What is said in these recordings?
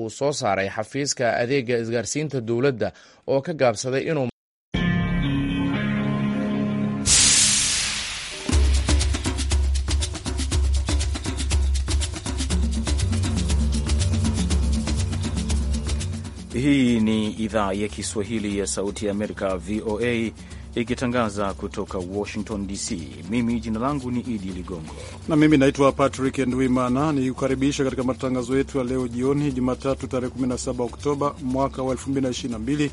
uu soo saaray xafiiska adeega isgaarsiinta dowladda oo ka gaabsaday inuu Hii ni idhaa ya Kiswahili ya Sauti ya Amerika, VOA ikitangaza kutoka Washington DC. Mimi jina langu ni Idi Ligongo na mimi naitwa Patrick Ndwimana, nikukaribisha katika matangazo yetu ya leo jioni, Jumatatu tarehe 17 Oktoba mwaka wa 2022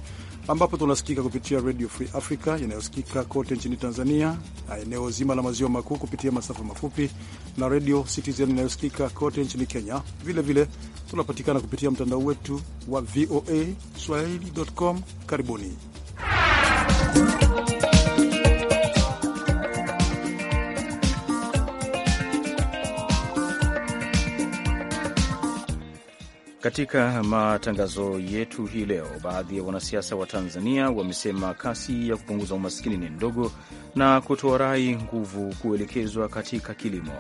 ambapo tunasikika kupitia Radio Free Africa inayosikika kote nchini Tanzania na eneo zima la maziwa makuu kupitia masafa mafupi na Radio Citizen inayosikika kote nchini Kenya. Vilevile tunapatikana kupitia mtandao wetu wa VOA swahili.com. Karibuni. Katika matangazo yetu hii leo, baadhi ya wanasiasa wa Tanzania wamesema kasi ya kupunguza umasikini ni ndogo na kutoa rai nguvu kuelekezwa katika kilimo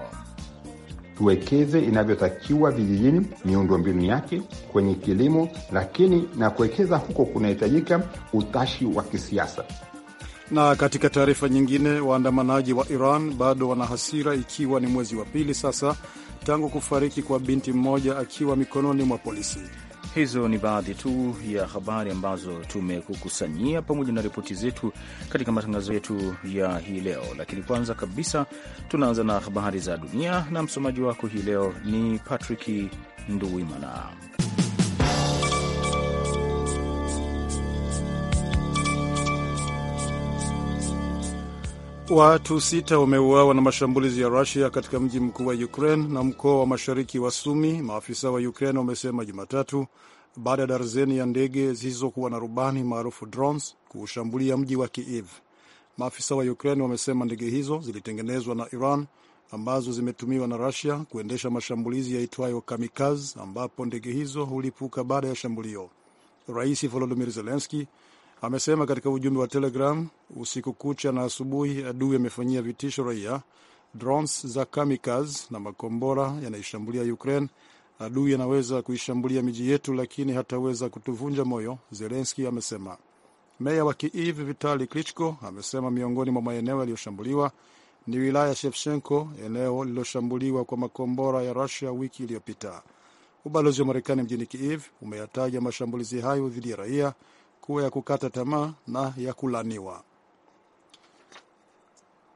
tuwekeze inavyotakiwa vijijini, miundombinu yake, kwenye kilimo, lakini na kuwekeza huko kunahitajika utashi wa kisiasa. Na katika taarifa nyingine, waandamanaji wa Iran bado wana hasira, ikiwa ni mwezi wa pili sasa tangu kufariki kwa binti mmoja akiwa mikononi mwa polisi. Hizo ni baadhi tu ya habari ambazo tumekukusanyia pamoja na ripoti zetu katika matangazo yetu ya hii leo, lakini kwanza kabisa tunaanza na habari za dunia, na msomaji wako hii leo ni Patrick Nduwimana. Watu sita wameuawa na mashambulizi ya Rusia katika mji mkuu wa Ukraine na mkoa wa mashariki wa Sumi, maafisa wa Ukraine wamesema Jumatatu, baada ya darzeni ya ndege zisizokuwa na rubani maarufu drones kuushambulia mji wa Kiev. Maafisa wa Ukraine wamesema ndege hizo zilitengenezwa na Iran ambazo zimetumiwa na Rusia kuendesha mashambulizi yaitwayo kamikaz, ambapo ndege hizo hulipuka baada ya shambulio. Rais volodimir zelenski amesema katika ujumbe wa Telegram. Usiku kucha na asubuhi, adui amefanyia vitisho raia, drones za kamikaz na makombora yanaishambulia Ukraine. Adui anaweza kuishambulia miji yetu, lakini hataweza kutuvunja moyo, Zelenski amesema. Meya wa Kiiv Vitali Klitschko amesema miongoni mwa maeneo yaliyoshambuliwa ni wilaya Shevchenko, eneo lililoshambuliwa kwa makombora ya Rusia wiki iliyopita. Ubalozi wa Marekani mjini Kiiv umeyataja mashambulizi hayo dhidi ya raia kuwa ya kukata tamaa na ya kulaniwa.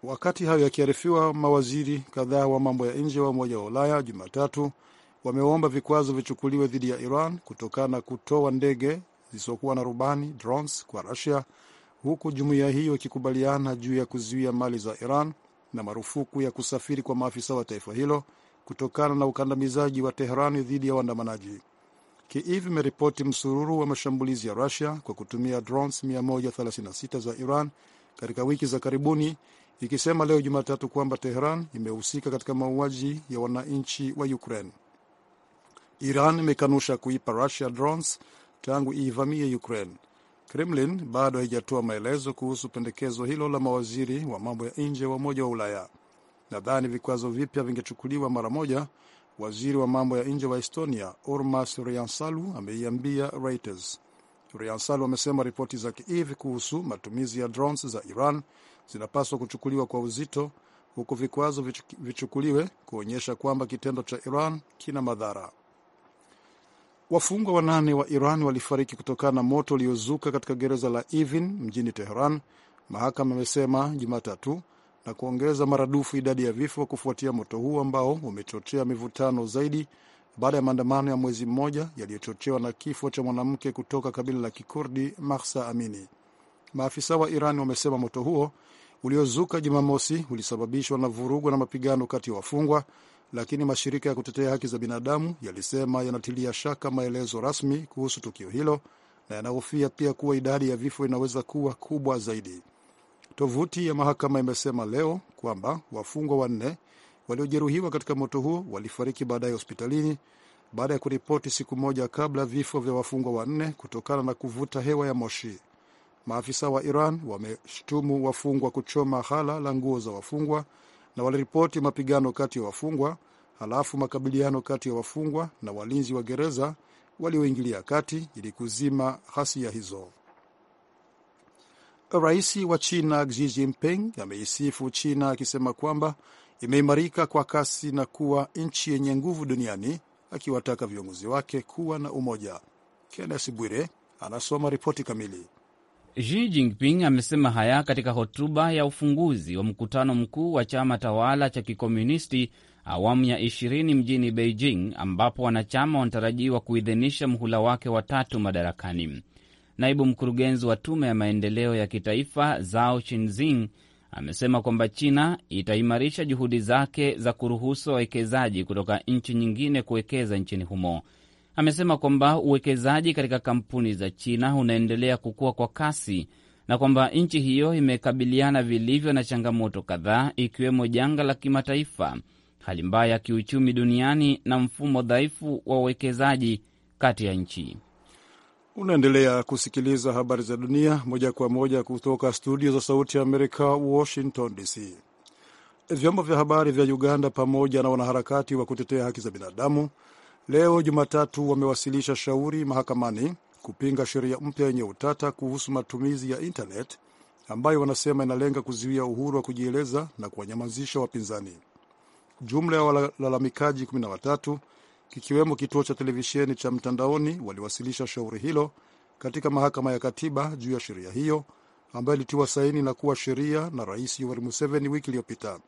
Wakati hayo yakiarifiwa, mawaziri kadhaa wa mambo ya nje wa Umoja wa Ulaya Jumatatu wameomba vikwazo vichukuliwe dhidi ya Iran kutokana na kutoa ndege zisizokuwa na rubani drones kwa Rusia, huku jumuiya hiyo ikikubaliana juu ya kuzuia mali za Iran na marufuku ya kusafiri kwa maafisa wa taifa hilo kutokana na ukandamizaji wa Teherani dhidi ya waandamanaji. Kiev imeripoti msururu wa mashambulizi ya Rusia kwa kutumia drones 136 za Iran katika wiki za karibuni, ikisema leo Jumatatu kwamba Teheran imehusika katika mauaji ya wananchi wa Ukraine. Iran imekanusha kuipa Rusia drones tangu iivamie Ukraine. Kremlin bado haijatoa maelezo kuhusu pendekezo hilo la mawaziri wa mambo ya nje wa Umoja wa Ulaya. Nadhani vikwazo vipya vingechukuliwa mara moja Waziri wa mambo ya nje wa Estonia Urmas Riansalu ameiambia Reuters. Riansalu amesema ripoti za Kiev kuhusu matumizi ya drones za Iran zinapaswa kuchukuliwa kwa uzito, huku vikwazo vichukuliwe kuonyesha kwamba kitendo cha Iran kina madhara. Wafungwa wanane wa Iran walifariki kutokana na moto uliozuka katika gereza la Evin mjini Teheran, mahakama amesema Jumatatu, na kuongeza maradufu idadi ya vifo kufuatia moto huu ambao umechochea mivutano zaidi baada ya maandamano ya mwezi mmoja yaliyochochewa na kifo cha mwanamke kutoka kabila la Kikurdi Mahsa Amini. Maafisa wa Iran wamesema moto huo uliozuka Jumamosi ulisababishwa na vurugu na mapigano kati ya wafungwa, lakini mashirika ya kutetea haki za binadamu yalisema yanatilia shaka maelezo rasmi kuhusu tukio hilo na yanahofia pia kuwa idadi ya vifo inaweza kuwa kubwa zaidi. Tovuti ya mahakama imesema leo kwamba wafungwa wanne waliojeruhiwa katika moto huo walifariki baadaye hospitalini baada ya kuripoti siku moja kabla vifo vya wafungwa wanne kutokana na kuvuta hewa ya moshi. Maafisa wa Iran wameshtumu wafungwa kuchoma hala la nguo za wafungwa na waliripoti mapigano kati ya wafungwa, halafu makabiliano kati ya wafungwa na walinzi wa gereza walioingilia kati ili kuzima ghasia hizo. Rais wa China Xi Jinping ameisifu China akisema kwamba imeimarika kwa kasi na kuwa nchi yenye nguvu duniani, akiwataka viongozi wake kuwa na umoja. Kennes Bwire anasoma ripoti kamili. Xi Jinping amesema haya katika hotuba ya ufunguzi wa mkutano mkuu wa chama tawala cha kikomunisti awamu ya 20 mjini Beijing, ambapo wanachama wanatarajiwa kuidhinisha mhula wake wa tatu madarakani. Naibu mkurugenzi wa tume ya maendeleo ya kitaifa Zao Chinzing amesema kwamba China itaimarisha juhudi zake za kuruhusu wawekezaji kutoka nchi nyingine kuwekeza nchini humo. Amesema kwamba uwekezaji katika kampuni za China unaendelea kukua kwa kasi na kwamba nchi hiyo imekabiliana vilivyo na changamoto kadhaa ikiwemo janga la kimataifa, hali mbaya ya kiuchumi duniani na mfumo dhaifu wa uwekezaji kati ya nchi. Unaendelea kusikiliza habari za dunia moja kwa moja kutoka studio za sauti ya Amerika, Washington DC. Vyombo vya habari vya Uganda pamoja na wanaharakati wa kutetea haki za binadamu leo Jumatatu wamewasilisha shauri mahakamani kupinga sheria mpya yenye utata kuhusu matumizi ya intanet ambayo wanasema inalenga kuzuia uhuru wa kujieleza na kuwanyamazisha wapinzani. Jumla ya walalamikaji 13 kikiwemo kituo cha televisheni cha mtandaoni, waliwasilisha shauri hilo katika mahakama ya katiba juu ya sheria hiyo ambayo ilitiwa saini na kuwa sheria na Rais Yoweri Museveni wiki iliyopita.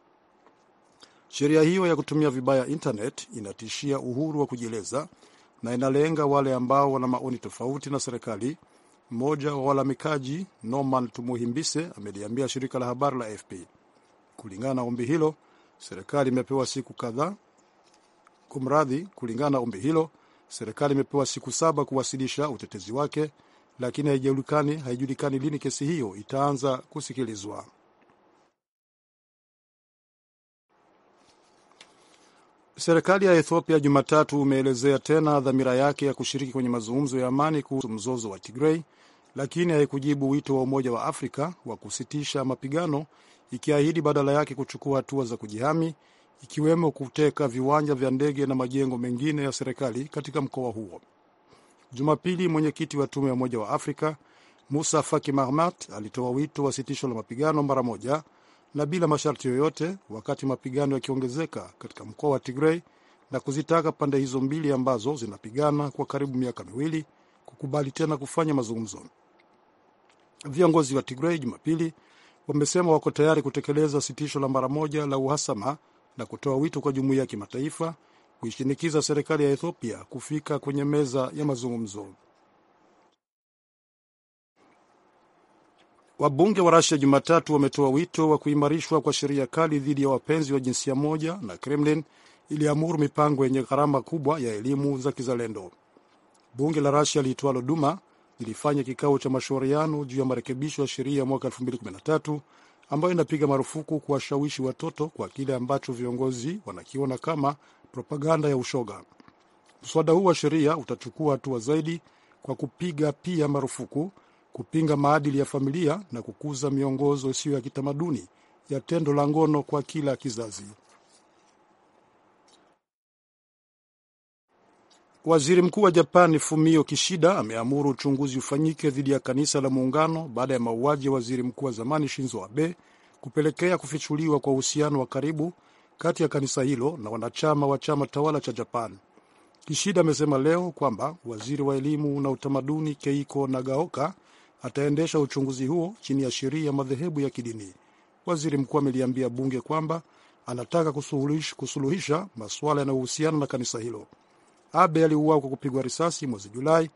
Sheria hiyo ya kutumia vibaya internet inatishia uhuru wa kujieleza na inalenga wale ambao wana maoni tofauti na serikali. Mmoja wa walamikaji Norman Tumuhimbise ameliambia shirika la habari la AFP. Kulingana na ombi hilo, serikali imepewa siku kadhaa Kumradhi, kulingana na ombi hilo, serikali imepewa siku saba kuwasilisha utetezi wake, lakini haijulikani haijulikani lini kesi hiyo itaanza kusikilizwa. Serikali ya Ethiopia Jumatatu imeelezea tena dhamira yake ya kushiriki kwenye mazungumzo ya amani kuhusu mzozo wa Tigrei, lakini haikujibu wito wa Umoja wa Afrika wa kusitisha mapigano, ikiahidi badala yake kuchukua hatua za kujihami ikiwemo kuteka viwanja vya ndege na majengo mengine ya serikali katika mkoa huo. Jumapili, mwenyekiti wa tume ya Umoja wa Afrika Musa Faki Mahamat alitoa wito wa sitisho la mapigano mara moja na bila masharti yoyote, wakati mapigano yakiongezeka katika mkoa wa Tigrei na kuzitaka pande hizo mbili ambazo zinapigana kwa karibu miaka miwili kukubali tena kufanya mazungumzo. Viongozi wa Tigrei Jumapili wamesema wako tayari kutekeleza sitisho la mara moja la uhasama na kutoa wito kwa jumuiya ya kimataifa kuishinikiza serikali ya Ethiopia kufika kwenye meza ya mazungumzo. Wabunge wa Rasia Jumatatu wametoa wito wa kuimarishwa kwa sheria kali dhidi ya wapenzi wa jinsia moja, na Kremlin iliamuru mipango yenye gharama kubwa ya elimu za kizalendo. Bunge la Rasia liitwalo Duma lilifanya kikao cha mashauriano juu ya marekebisho ya sheria ya mwaka ambayo inapiga marufuku kuwashawishi watoto kwa kile ambacho viongozi wanakiona kama propaganda ya ushoga. Mswada huu wa sheria utachukua hatua zaidi kwa kupiga pia marufuku kupinga maadili ya familia na kukuza miongozo isiyo ya kitamaduni ya tendo la ngono kwa kila kizazi. Waziri mkuu wa Japani Fumio Kishida ameamuru uchunguzi ufanyike dhidi ya kanisa la Muungano baada ya mauaji ya waziri mkuu wa zamani Shinzo Abe kupelekea kufichuliwa kwa uhusiano wa karibu kati ya kanisa hilo na wanachama wa chama tawala cha Japan. Kishida amesema leo kwamba waziri wa elimu na utamaduni Keiko Nagaoka ataendesha uchunguzi huo chini ya sheria ya madhehebu ya kidini. Waziri mkuu ameliambia bunge kwamba anataka kusuluhisha masuala yanayohusiana na kanisa hilo. Abe aliuawa kwa kupigwa risasi mwezi Julai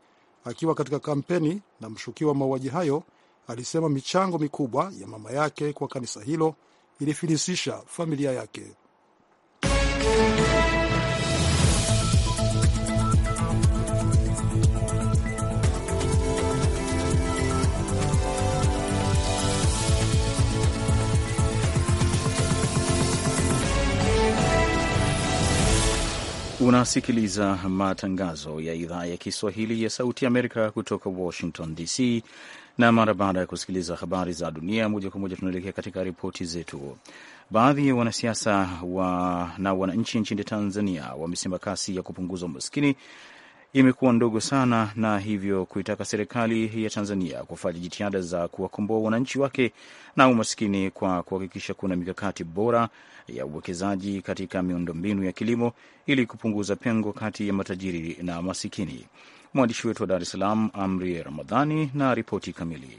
akiwa katika kampeni, na mshukiwa wa mauaji hayo alisema michango mikubwa ya mama yake kwa kanisa hilo ilifilisisha familia yake. Unasikiliza matangazo ya idhaa ya Kiswahili ya Sauti Amerika kutoka Washington DC, na mara baada ya kusikiliza habari za dunia moja kwa moja, tunaelekea katika ripoti zetu. Baadhi ya wanasiasa wa, na wananchi nchini Tanzania wamesema kasi ya kupunguza umaskini imekuwa ndogo sana, na hivyo kuitaka serikali ya Tanzania kufanya jitihada za kuwakomboa wananchi wake na umaskini kwa kuhakikisha kuna mikakati bora ya uwekezaji katika miundombinu ya kilimo ili kupunguza pengo kati ya matajiri na masikini. Mwandishi wetu wa Dar es Salaam, Amri Ramadhani, na ripoti kamili.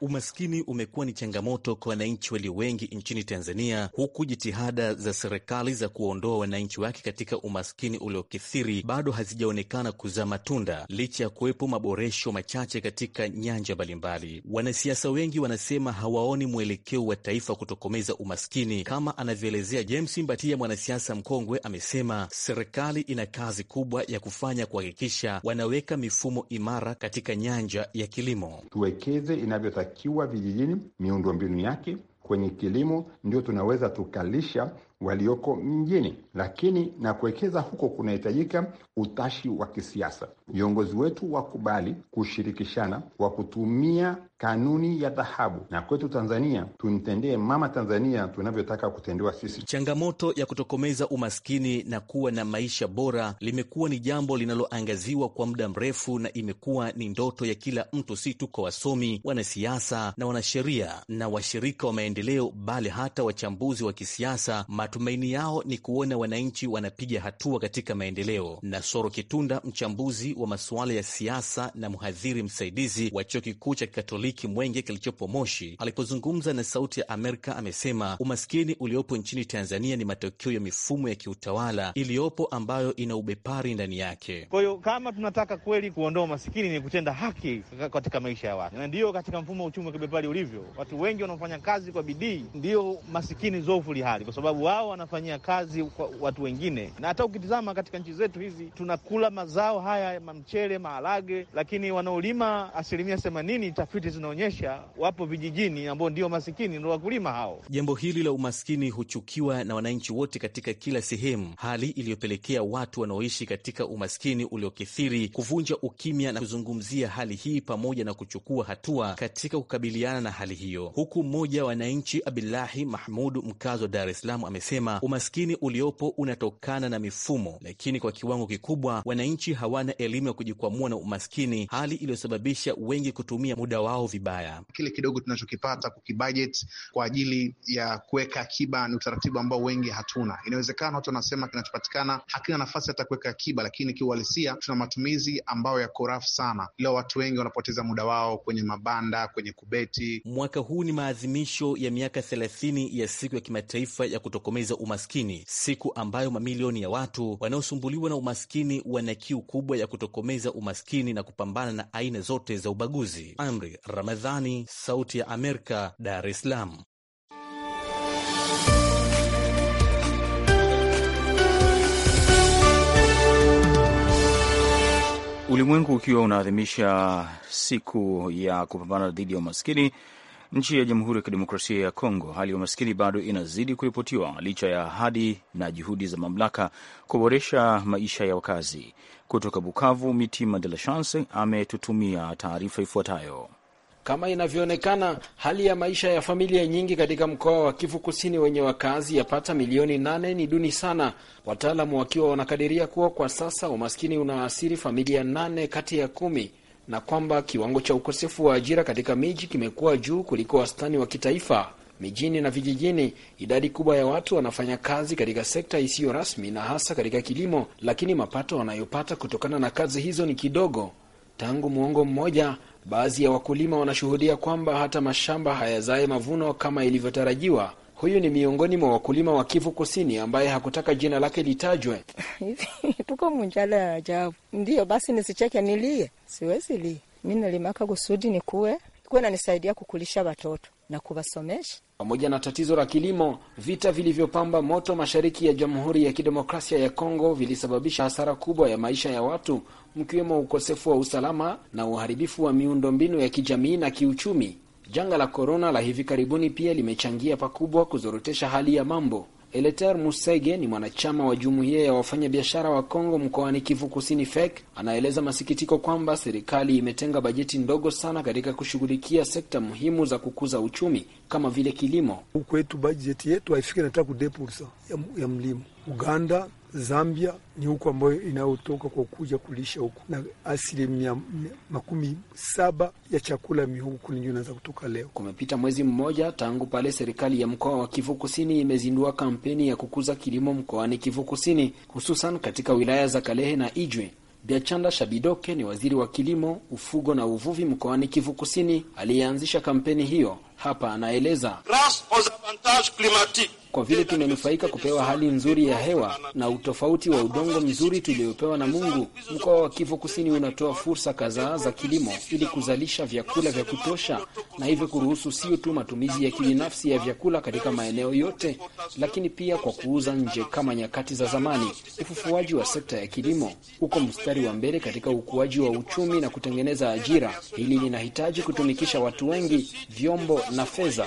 Umaskini umekuwa ni changamoto kwa wananchi walio wengi nchini Tanzania, huku jitihada za serikali za kuondoa wananchi wake katika umaskini uliokithiri bado hazijaonekana kuzaa matunda licha ya kuwepo maboresho machache katika nyanja mbalimbali. Wanasiasa wengi wanasema hawaoni mwelekeo wa taifa kutokomeza umaskini, kama anavyoelezea James Mbatia, mwanasiasa mkongwe. Amesema serikali ina kazi kubwa ya kufanya kuhakikisha wanaweka mifumo imara katika nyanja ya kilimo, tuwekeze inavyotakiwa tunatakiwa vijijini, miundombinu yake kwenye kilimo ndio tunaweza tukalisha walioko mjini, lakini na kuwekeza huko kunahitajika utashi wa kisiasa. Viongozi wetu wakubali kushirikishana, wa kutumia kanuni ya dhahabu, na kwetu Tanzania tumtendee mama Tanzania tunavyotaka kutendewa sisi. Changamoto ya kutokomeza umaskini na kuwa na maisha bora limekuwa ni jambo linaloangaziwa kwa muda mrefu, na imekuwa ni ndoto ya kila mtu, si tu kwa wasomi, wanasiasa na wanasheria na washirika wa maendeleo, bali hata wachambuzi wa kisiasa. Matumaini yao ni kuona wananchi wanapiga hatua katika maendeleo. Na Soro Kitunda, mchambuzi wa masuala ya siasa na mhadhiri msaidizi wa chuo kikuu cha Katoliki Eric Mwenge kilichopo Moshi, alipozungumza na Sauti ya Amerika amesema umaskini uliopo nchini Tanzania ni matokeo ya mifumo ya kiutawala iliyopo ambayo ina ubepari ndani yake. Kwa hiyo kama tunataka kweli kuondoa umaskini ni kutenda haki katika maisha ya watu, na ndiyo katika mfumo wa uchumi wa kibepari ulivyo, watu wengi wanaofanya kazi kwa bidii ndiyo masikini zofu lihali, kwa sababu wao wanafanyia kazi kwa watu wengine. Na hata ukitizama katika nchi zetu hizi tunakula mazao haya mchele, maharage, lakini wanaolima asilimia themanini, tafiti zinaonyesha wapo vijijini ambao ndio masikini, ndio wakulima hao. Jambo hili la umaskini huchukiwa na wananchi wote katika kila sehemu, hali iliyopelekea watu wanaoishi katika umaskini uliokithiri kuvunja ukimya na kuzungumzia hali hii pamoja na kuchukua hatua katika kukabiliana na hali hiyo, huku mmoja wa wananchi Abdullahi Mahmud, mkazi wa Dar es Salaam, amesema umaskini uliopo unatokana na mifumo, lakini kwa kiwango kikubwa wananchi hawana elimu ya kujikwamua na umaskini, hali iliyosababisha wengi kutumia muda wao vibaya. Kile kidogo tunachokipata kukibudget kwa ajili ya kuweka akiba ni utaratibu ambao wengi hatuna. Inawezekana watu wanasema kinachopatikana hakina nafasi hata kuweka akiba, lakini kiuhalisia tuna matumizi ambayo yako rafu sana. Leo watu wengi wanapoteza muda wao kwenye mabanda, kwenye kubeti. Mwaka huu ni maadhimisho ya miaka thelathini ya siku ya kimataifa ya kutokomeza umaskini, siku ambayo mamilioni ya watu wanaosumbuliwa na umaskini wana kiu kubwa ya kutokomeza umaskini na kupambana na aina zote za ubaguzi. Amri Ramadhani, Sauti ya Amerika, Dar es Salaam. Ulimwengu ukiwa unaadhimisha siku ya kupambana dhidi ya umaskini, nchi ya Jamhuri ya Kidemokrasia ya Kongo, hali ya umaskini bado inazidi kuripotiwa licha ya ahadi na juhudi za mamlaka kuboresha maisha ya wakazi. Kutoka Bukavu, Mitima De La Chance ametutumia taarifa ifuatayo. Kama inavyoonekana, hali ya maisha ya familia nyingi katika mkoa wa Kivu Kusini wenye wakazi yapata milioni nane ni duni sana, wataalamu wakiwa wanakadiria kuwa kwa sasa umaskini unaathiri familia nane kati ya kumi na kwamba kiwango cha ukosefu wa ajira katika miji kimekuwa juu kuliko wastani wa kitaifa. Mijini na vijijini, idadi kubwa ya watu wanafanya kazi katika sekta isiyo rasmi na hasa katika kilimo, lakini mapato wanayopata kutokana na kazi hizo ni kidogo. Tangu muongo mmoja Baadhi ya wakulima wanashuhudia kwamba hata mashamba hayazae mavuno kama ilivyotarajiwa. Huyu ni miongoni mwa wakulima wa Kivu Kusini ambaye hakutaka jina lake litajwe. tuko munjala ya ajabu. Ndiyo basi, nisicheke nilie, siwezi lie. Mi nalimaka kusudi nikuwe kuwe nanisaidia kukulisha watoto na kuwasomesha. Pamoja na tatizo la kilimo, vita vilivyopamba moto mashariki ya Jamhuri ya Kidemokrasia ya Kongo vilisababisha hasara kubwa ya maisha ya watu mkiwemo ukosefu wa usalama na uharibifu wa miundombinu ya kijamii na kiuchumi. Janga la korona la hivi karibuni pia limechangia pakubwa kuzorotesha hali ya mambo. Eleter Musege ni mwanachama wa jumuiya ya wafanyabiashara wa Kongo mkoani Kivu Kusini, FEK. anaeleza masikitiko kwamba serikali imetenga bajeti ndogo sana katika kushughulikia sekta muhimu za kukuza uchumi kama vile kilimo. Huku kwetu bajeti yetu haifiki na kudepursa ya, ya mlimo. Uganda Zambia ni huku ambayo inayotoka kwa kuja kulisha huku, na asilimia makumi saba ya chakula mihogo kule ndio kutoka leo. Kumepita mwezi mmoja tangu pale serikali ya mkoa wa Kivu Kusini imezindua kampeni ya kukuza kilimo mkoani Kivu Kusini, hususan katika wilaya za Kalehe na Ijwe. Biachanda Shabidoke ni waziri wa kilimo, ufugo na uvuvi mkoani Kivu Kusini aliyeanzisha kampeni hiyo. Hapa anaeleza Grâce aux avantages climatiques kwa vile tumenufaika kupewa hali nzuri ya hewa na utofauti wa udongo mzuri tuliopewa na Mungu. Mkoa wa Kivu Kusini unatoa fursa kadhaa za kilimo ili kuzalisha vyakula vya kutosha, na hivyo kuruhusu sio tu matumizi ya kibinafsi ya vyakula katika maeneo yote, lakini pia kwa kuuza nje kama nyakati za zamani. Ufufuaji wa sekta ya kilimo uko mstari wa mbele katika ukuaji wa uchumi na kutengeneza ajira. Hili linahitaji kutumikisha watu wengi, vyombo na fedha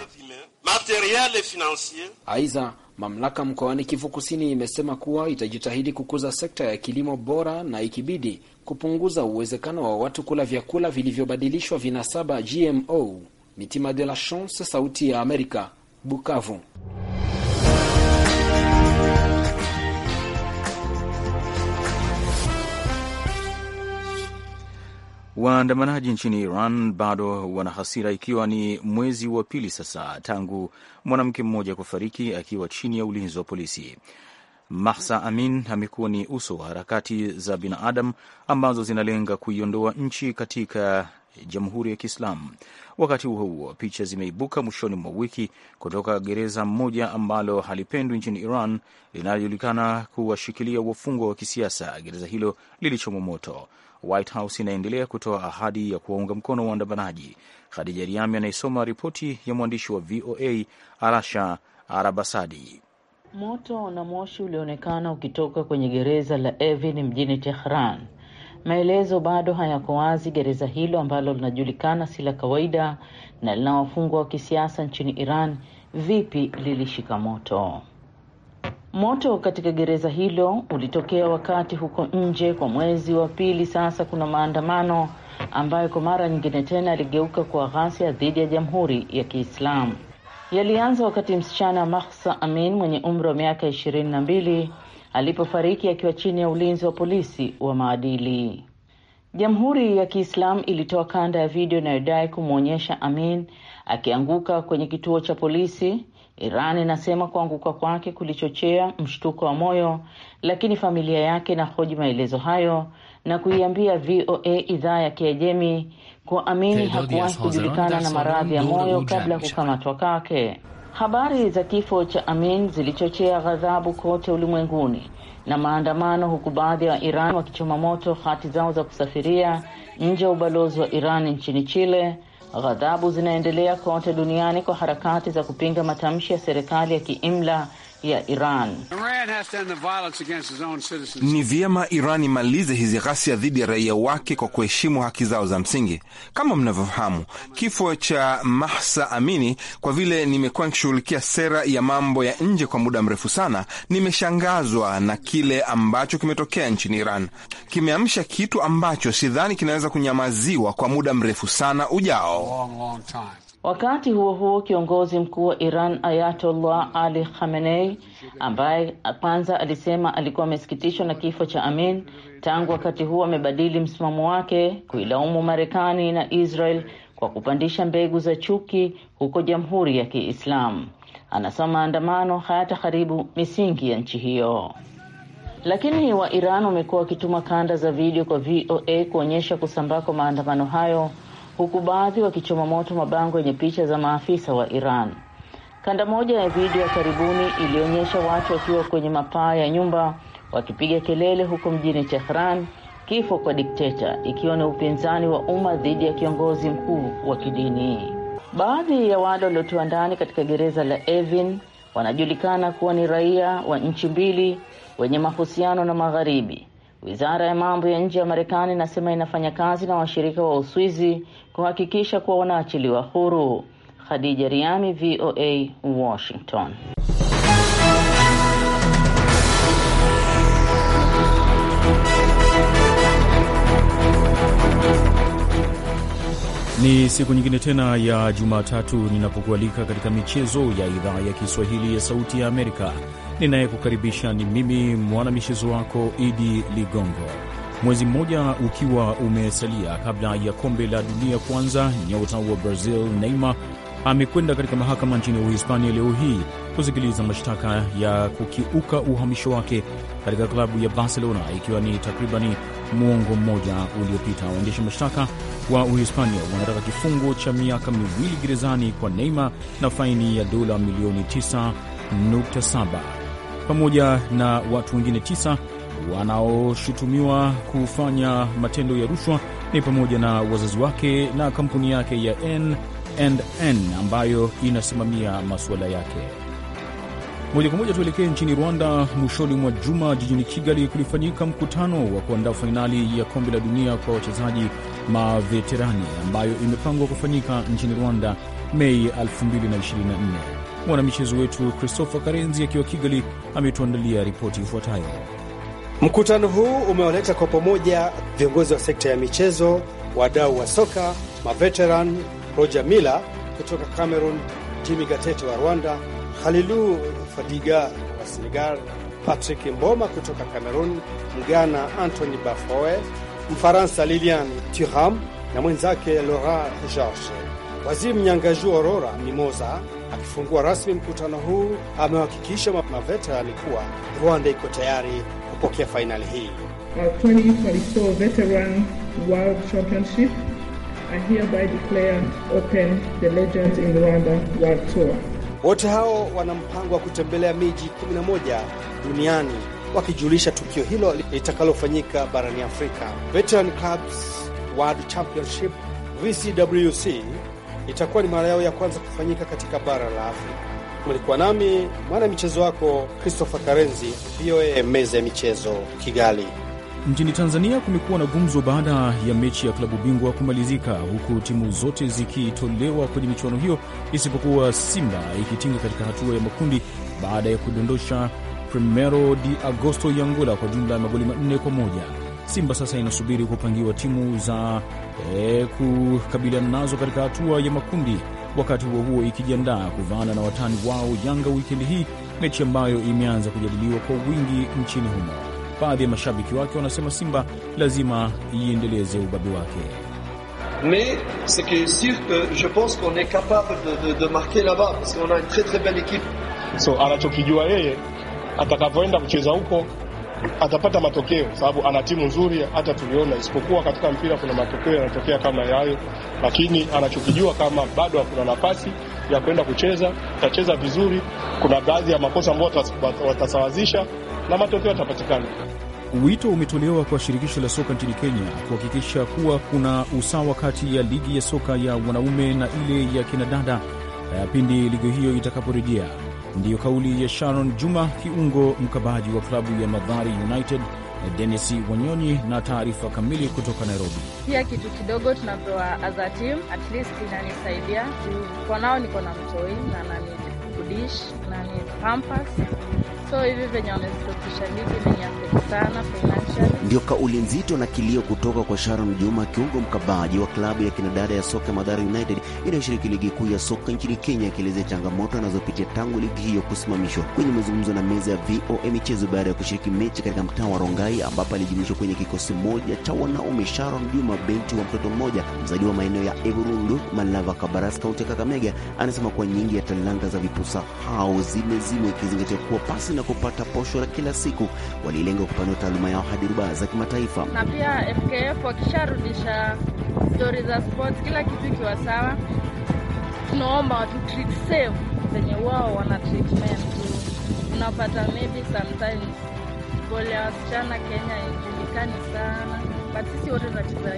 materiel financier. Aidha, mamlaka mkoani Kivu Kusini imesema kuwa itajitahidi kukuza sekta ya kilimo bora na ikibidi kupunguza uwezekano wa watu kula vyakula vilivyobadilishwa vinasaba GMO. Mitima de la Chance, Sauti ya Amerika, Bukavu. Waandamanaji nchini Iran bado wana hasira, ikiwa ni mwezi wa pili sasa tangu mwanamke mmoja kufariki akiwa chini ya ulinzi wa polisi. Mahsa Amin amekuwa ni uso wa harakati za binadamu ambazo zinalenga kuiondoa nchi katika Jamhuri ya Kiislamu. Wakati huo huo, picha zimeibuka mwishoni mwa wiki kutoka gereza moja ambalo halipendwi nchini Iran linalojulikana kuwashikilia wafungwa wa kisiasa. Gereza hilo lilichomwa moto. White House inaendelea kutoa ahadi ya kuwaunga mkono waandamanaji. Khadija Riami anayesoma ripoti ya mwandishi wa VOA Arasha Arabasadi. Moto na moshi ulioonekana ukitoka kwenye gereza la Evin mjini Tehran. Maelezo bado hayako wazi. Gereza hilo ambalo linajulikana si la kawaida na lina wafungwa wa kisiasa nchini Iran, vipi lilishika moto? Moto katika gereza hilo ulitokea wakati huko nje kwa mwezi wa pili sasa kuna maandamano ambayo kwa mara nyingine tena yaligeuka kwa ghasia dhidi ya Jamhuri ya Kiislamu. Yalianza wakati msichana Mahsa Amin mwenye umri wa miaka ishirini na mbili alipofariki akiwa chini ya ulinzi wa polisi wa maadili. Jamhuri ya Kiislamu ilitoa kanda ya video inayodai kumwonyesha Amin akianguka kwenye kituo cha polisi Iran inasema kuanguka kwake kulichochea mshtuko wa moyo, lakini familia yake inahoji maelezo hayo na kuiambia VOA idhaa ya Kiajemi Amini hakuwahi kujulikana na maradhi ya moyo kabla ya kukamatwa kwake. Habari za kifo cha Amin zilichochea ghadhabu kote ulimwenguni na maandamano, huku baadhi ya wa Iran wakichoma moto hati zao za kusafiria nje ya ubalozi wa Iran nchini Chile Ghadhabu zinaendelea kote duniani kwa harakati za kupinga matamshi ya serikali ya kiimla ya Iran. Iran has to end the violence against own citizens. Ni vyema Iran imalize hizi ghasia dhidi ya raia wake kwa kuheshimu haki zao za msingi. Kama mnavyofahamu, kifo cha Mahsa Amini, kwa vile nimekuwa nikishughulikia sera ya mambo ya nje kwa muda mrefu sana, nimeshangazwa na kile ambacho kimetokea nchini Iran. Kimeamsha kitu ambacho sidhani kinaweza kunyamaziwa kwa muda mrefu sana ujao. long, long Wakati huo huo, kiongozi mkuu wa Iran Ayatollah Ali Khamenei, ambaye kwanza alisema alikuwa amesikitishwa na kifo cha Amin, tangu wakati huo amebadili msimamo wake, kuilaumu Marekani na Israel kwa kupandisha mbegu za chuki huko Jamhuri ya Kiislamu. Anasema maandamano hayataharibu misingi ya nchi hiyo. Lakini wa Iran wamekuwa wakituma kanda za video kwa VOA kuonyesha kusambaa kwa maandamano hayo huku baadhi wakichoma moto mabango yenye picha za maafisa wa Iran. Kanda moja ya video ya karibuni ilionyesha watu wakiwa kwenye mapaa ya nyumba wakipiga kelele huko mjini Tehran, kifo kwa dikteta, ikiwa ni upinzani wa umma dhidi ya kiongozi mkuu wa kidini. Baadhi ya wale waliotiwa ndani katika gereza la Evin wanajulikana kuwa ni raia wa nchi mbili wenye mahusiano na Magharibi. Wizara ya mambo ya nje ya Marekani inasema inafanya kazi na washirika wa Uswizi kuhakikisha kuwa wanaachiliwa huru. Khadija Riami, VOA, Washington. Ni siku nyingine tena ya Jumatatu ninapokualika katika michezo ya idhaa ya Kiswahili ya Sauti ya Amerika. Ninayekukaribisha ni mimi mwanamichezo wako Idi Ligongo. Mwezi mmoja ukiwa umesalia kabla ya kombe la dunia kuanza, nyota wa Brazil Neymar amekwenda katika mahakama nchini Uhispania leo hii kusikiliza mashtaka ya kukiuka uhamisho wake katika klabu ya Barcelona, ikiwa ni takribani muongo mmoja uliopita. Waendesha mashtaka wa Uhispania wanataka kifungo cha miaka miwili gerezani kwa Neymar na faini ya dola milioni 9.7 pamoja na watu wengine tisa wanaoshutumiwa kufanya matendo ya rushwa ni pamoja na wazazi wake na kampuni yake ya N&N ambayo inasimamia masuala yake. Moja kwa moja tuelekee nchini Rwanda. Mwishoni mwa juma jijini Kigali kulifanyika mkutano wa kuandaa fainali ya kombe la dunia kwa wachezaji maveterani ambayo imepangwa kufanyika nchini Rwanda Mei 2024. Mwanamichezo wetu Christopher Karenzi akiwa Kigali ametuandalia ripoti ifuatayo. Mkutano huu umewaleta kwa pamoja viongozi wa sekta ya michezo, wadau wa soka, maveteran Roger Mila kutoka Cameroon, Jimi Gatete wa Rwanda, Halilu Fadiga wa Senegal, Patrick Mboma kutoka Cameroon, mgana Anthony Bafoe, Mfaransa Lilian Tiram na mwenzake Laurent george Waziri Mnyangaju Aurora Mimoza akifungua rasmi mkutano huu amewahakikisha ni kuwa Rwanda iko tayari kupokea fainali hii. I wote hao wana mpango wa kutembelea miji 11 duniani wakijulisha tukio hilo litakalofanyika barani Afrika. Veteran Clubs World Championship VCWC itakuwa ni mara yao ya kwanza kufanyika katika bara la Afrika. Mlikuwa nami mwana michezo wako Christopher Karenzi, VOA meza ya michezo Kigali. Nchini Tanzania kumekuwa na gumzo baada ya mechi ya klabu bingwa kumalizika huku timu zote zikitolewa kwenye michuano hiyo isipokuwa Simba ikitinga katika hatua ya makundi baada ya kudondosha Primero de Agosto ya Angola kwa jumla ya magoli manne kwa moja. Simba sasa inasubiri kupangiwa timu za e, kukabiliana nazo katika hatua ya makundi, wakati huo huo ikijiandaa kuvaana na watani wao Yanga wikendi hii, mechi ambayo imeanza kujadiliwa kwa wingi nchini humo baadhi ya mashabiki wake wanasema Simba lazima iendeleze ubabi wake. Mais c'est que sûr que je pense qu'on est capable de, de, de marquer là-bas parce qu'on a une très très belle équipe. So anachokijua yeye atakavyoenda kucheza huko atapata matokeo sababu ana timu nzuri, hata tuliona. Isipokuwa katika mpira kuna matokeo yanatokea kama yayo, lakini anachokijua kama bado kuna nafasi ya kwenda kucheza, atacheza vizuri. Kuna baadhi ya makosa ambayo watasawazisha na matokeo yatapatikana. Wito umetolewa kwa shirikisho la soka nchini Kenya kuhakikisha kuwa kuna usawa kati ya ligi ya soka ya wanaume na ile ya kinadada pindi ligi hiyo itakaporejea. Ndiyo kauli ya Sharon Juma, kiungo mkabaji wa klabu ya Madhari United. Denis Wanyonyi na taarifa kamili kutoka Nairobi. Pia kitu kidogo tunapewa as a team, at least inanisaidia. Kwa nao niko na mtoi na nani kudish na pampas so hivi venye wametutusha livi meniafekti sana ndio kauli nzito na kilio kutoka kwa Sharon Juma, kiungo mkabaji wa klabu ya kinadada ya soka Madhara United inayoshiriki ligi kuu ya soka nchini Kenya, akielezea changamoto anazopitia tangu ligi hiyo kusimamishwa. Kwenye mazungumzo na meza ya VOA michezo baada ya kushiriki mechi katika mtaa wa Rongai ambapo alijumuishwa kwenye kikosi moja cha wanaume, Sharon Juma, binti wa mtoto mmoja, mzaliwa wa maeneo ya Evurundu, Malava, Kabaras, kaunti ya Kakamega, anasema kuwa nyingi ya talanta za vipusa hao zimezimwa, ikizingatia kuwa pasi na kupata posho la kila siku walilenga kupanua taaluma yao hadi dhiruba za kimataifa. Na pia FKF wakisharudisha stori za spot kila kitu ikiwa sawa, tunaomba watu treat safe zenye wao wana treatment. Unapata maybe sometimes bole ya wasichana Kenya haijulikani sana, but sisi wote tunacheza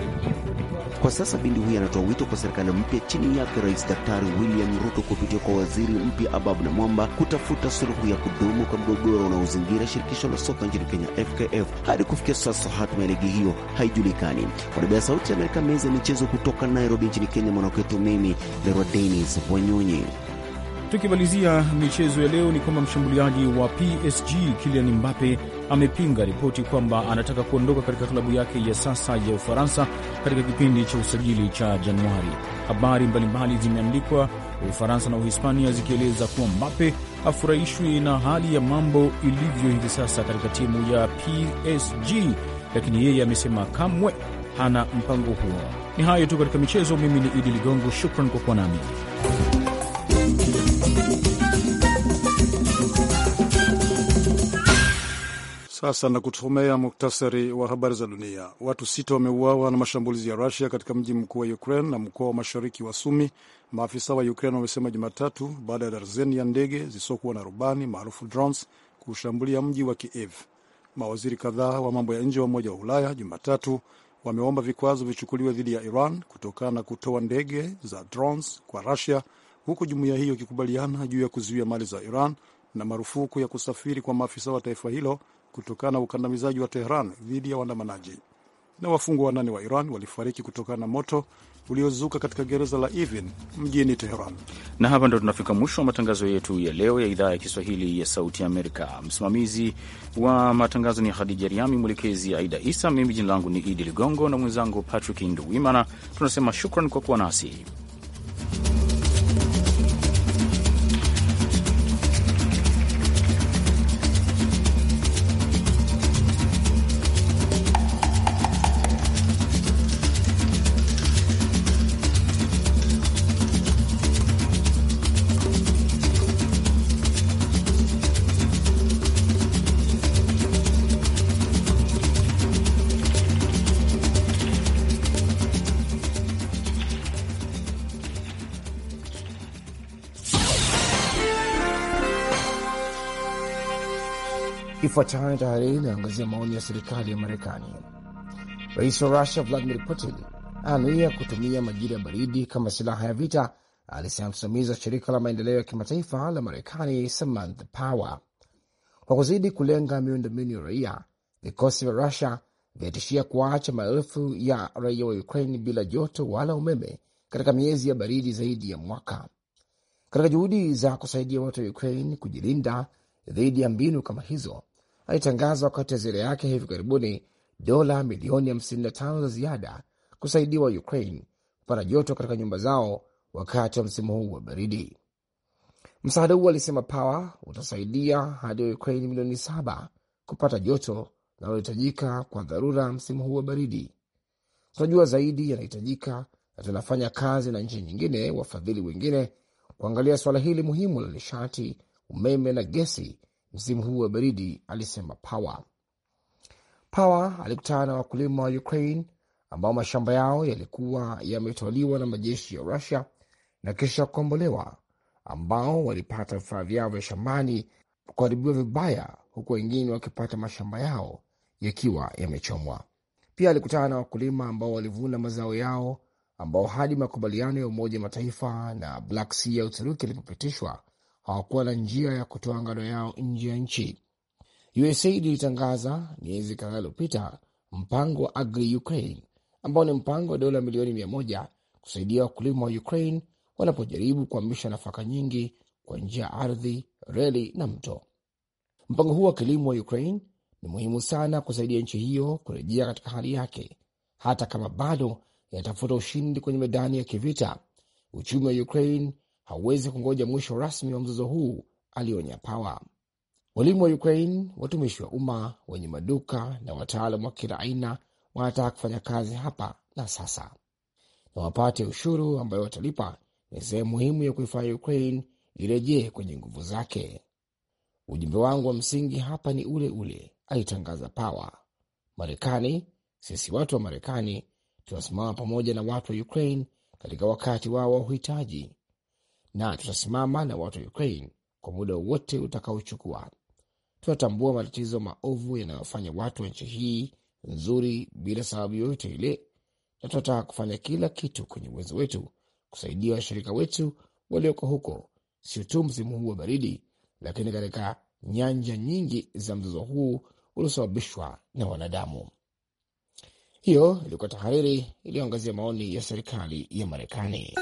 kwa sasa binti huyu anatoa wito kwa serikali mpya chini yake Rais Daktari William Ruto kupitia kwa waziri mpya Ababu na Mwamba kutafuta suluhu ya kudumu kwa mgogoro unaozingira shirikisho la soka nchini Kenya, FKF. Hadi kufikia sasa hatima ya ligi hiyo haijulikani. Kwa niaba ya Sauti ya Amerika, meza ya michezo kutoka Nairobi nchini Kenya, mwanakwetu mimi Lerwa Denis Wanyonyi. Tukimalizia michezo ya leo ni kwamba mshambuliaji wa PSG Kylian Mbappe amepinga ripoti kwamba anataka kuondoka katika klabu yake ya sasa ya Ufaransa katika kipindi cha usajili cha Januari. Habari mbalimbali zimeandikwa, Ufaransa na Uhispania zikieleza kuwa Mbappe hafurahishwi na hali ya mambo ilivyo hivi sasa katika timu ya PSG, lakini yeye amesema kamwe hana mpango huo. Ni hayo tu katika michezo. Mimi ni Idi Ligongo, shukran kwa kuwa nami. Sasa na muktasari wa habari za dunia. Watu sita wameuawa na mashambulizi ya Rusia katika mji mkuu wa Ukraine na mkoa wa mashariki wa Sumi, maafisa wa Ukraine wamesema Jumatatu, baada ya darzeni ya ndege zisizokuwa na rubani maarufu drones kushambulia mji wa Kiev. Mawaziri kadhaa wa mambo ya nje wa Umoja wa Ulaya Jumatatu wameomba vikwazo vichukuliwe dhidi ya Iran kutokana na kutoa ndege za drones kwa Rusia, huku jumuiya hiyo ikikubaliana juu ya kuzuia mali za Iran na marufuku ya kusafiri kwa maafisa wa taifa hilo kutokana na ukandamizaji wa Tehran dhidi ya waandamanaji. Na wafungwa wanane wa Iran walifariki kutokana na moto uliozuka katika gereza la Evin mjini Teheran. Na hapa ndo tunafika mwisho wa matangazo yetu ya leo ya idhaa ya Kiswahili ya Sauti Amerika. Msimamizi wa matangazo ni Khadija Riami, mwelekezi Aida Isa. Mimi jina langu ni Idi Ligongo na mwenzangu Patrick Nduwimana, tunasema shukran kwa kuwa nasi. Ifuatayo tahariri inayoangazia maoni ya serikali ya Marekani. Rais wa Rusia Vladimir Putin ananuia kutumia majira ya baridi kama silaha ya vita, alisema msimamizi wa shirika la maendeleo ya kimataifa la Marekani Samantha Power. Kwa kuzidi kulenga miundombinu ya raia, vikosi vya Rusia vinatishia kuwaacha maelfu ya raia wa Ukraine bila joto wala umeme katika miezi ya baridi zaidi ya mwaka. Katika juhudi za kusaidia watu wa Ukraine kujilinda dhidi ya mbinu kama hizo, alitangaza wakati wa ziara yake hivi karibuni dola milioni 55 za ziada kusaidiwa Ukraine kupata joto katika nyumba zao wakati wa msimu huu wa baridi. Msaada huo, alisema Power, utasaidia hadi Ukraine milioni saba kupata joto linalohitajika kwa dharura msimu huu wa baridi. Tunajua zaidi yanahitajika na tunafanya kazi na nchi nyingine, wafadhili wengine, kuangalia suala hili muhimu la nishati, umeme na gesi msimu huu wa baridi, alisema Power. Power alikutana na wakulima wa Ukraine ambao mashamba yao yalikuwa yametwaliwa na majeshi ya Rusia na kisha kukombolewa, ambao walipata vifaa vyao vya shambani kuharibiwa vibaya, huku wengine wakipata mashamba yao yakiwa yamechomwa. Pia alikutana na wakulima ambao walivuna mazao yao, ambao hadi makubaliano ya Umoja Mataifa na Black Sea ya Uturuki yalipopitishwa hawakuwa na njia ya kutoa ngano yao nje ya nchi. USAID ilitangaza miezi kadhaa iliyopita mpango wa Agri Ukraine ambao ni mpango wa dola milioni mia moja kusaidia wakulima wa Ukraine wanapojaribu kuhamisha nafaka nyingi kwa njia ya ardhi, reli na mto. Mpango huu wa kilimo wa Ukraine ni muhimu sana kusaidia nchi hiyo kurejea katika hali yake, hata kama bado inatafuta ushindi kwenye medani ya kivita. Uchumi wa Ukraine hauwezi kungoja mwisho rasmi wa mzozo huu, alionya Power. Walimu wa Ukraine, watumishi wa umma, wenye maduka na wataalam wa kila aina wanataka kufanya kazi hapa na sasa, na wapate ushuru ambayo watalipa. Ni sehemu muhimu ya kuifanya Ukraine irejee kwenye nguvu zake. Ujumbe wangu wa msingi hapa ni ule ule, alitangaza Power. Marekani, sisi watu wa Marekani tunasimama pamoja na watu wa Ukraine katika wakati wao wa uhitaji na tutasimama na watu wa Ukraine kwa muda wowote utakaochukua. Tunatambua matatizo maovu yanayofanya watu wa nchi hii nzuri bila sababu yoyote ile, na tunataka kufanya kila kitu kwenye uwezo wetu kusaidia washirika wetu walioko huko, sio tu msimu huu wa baridi, lakini katika nyanja nyingi za mzozo huu uliosababishwa na wanadamu. Hiyo ilikuwa tahariri iliyoangazia maoni ya serikali ya Marekani.